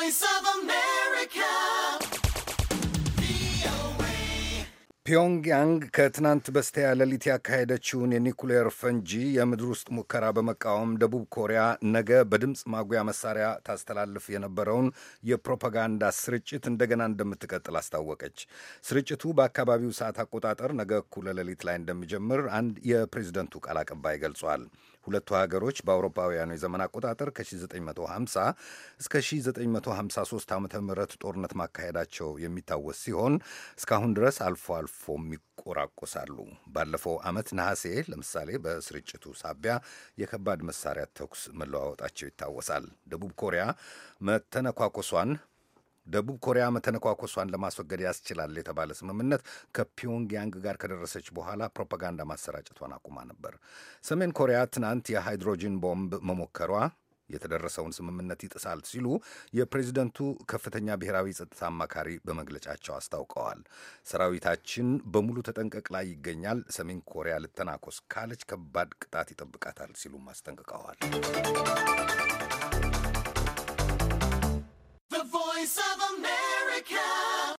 Voice of a man. ፒዮንግያንግ ከትናንት በስቲያ ሌሊት ያካሄደችውን የኒኩሌር ፈንጂ የምድር ውስጥ ሙከራ በመቃወም ደቡብ ኮሪያ ነገ በድምፅ ማጉያ መሳሪያ ታስተላልፍ የነበረውን የፕሮፓጋንዳ ስርጭት እንደገና እንደምትቀጥል አስታወቀች። ስርጭቱ በአካባቢው ሰዓት አቆጣጠር ነገ እኩለ ሌሊት ላይ እንደሚጀምር አንድ የፕሬዝደንቱ ቃል አቀባይ ገልጿል። ሁለቱ ሀገሮች በአውሮፓውያኑ የዘመን አቆጣጠር ከ1950 እስከ 1953 ዓ ም ጦርነት ማካሄዳቸው የሚታወስ ሲሆን እስካሁን ድረስ አልፎ አልፎ ተገፎም ይቆራቆሳሉ። ባለፈው ዓመት ነሐሴ ለምሳሌ በስርጭቱ ሳቢያ የከባድ መሳሪያ ተኩስ መለዋወጣቸው ይታወሳል። ደቡብ ኮሪያ መተነኳኮሷን ደቡብ ኮሪያ መተነኳኮሷን ለማስወገድ ያስችላል የተባለ ስምምነት ከፒዮንግያንግ ጋር ከደረሰች በኋላ ፕሮፓጋንዳ ማሰራጨቷን አቁማ ነበር። ሰሜን ኮሪያ ትናንት የሃይድሮጂን ቦምብ መሞከሯ የተደረሰውን ስምምነት ይጥሳል ሲሉ የፕሬዚደንቱ ከፍተኛ ብሔራዊ ጸጥታ አማካሪ በመግለጫቸው አስታውቀዋል። ሰራዊታችን በሙሉ ተጠንቀቅ ላይ ይገኛል፣ ሰሜን ኮሪያ ልተናኮስ ካለች ከባድ ቅጣት ይጠብቃታል ሲሉም አስጠንቅቀዋል።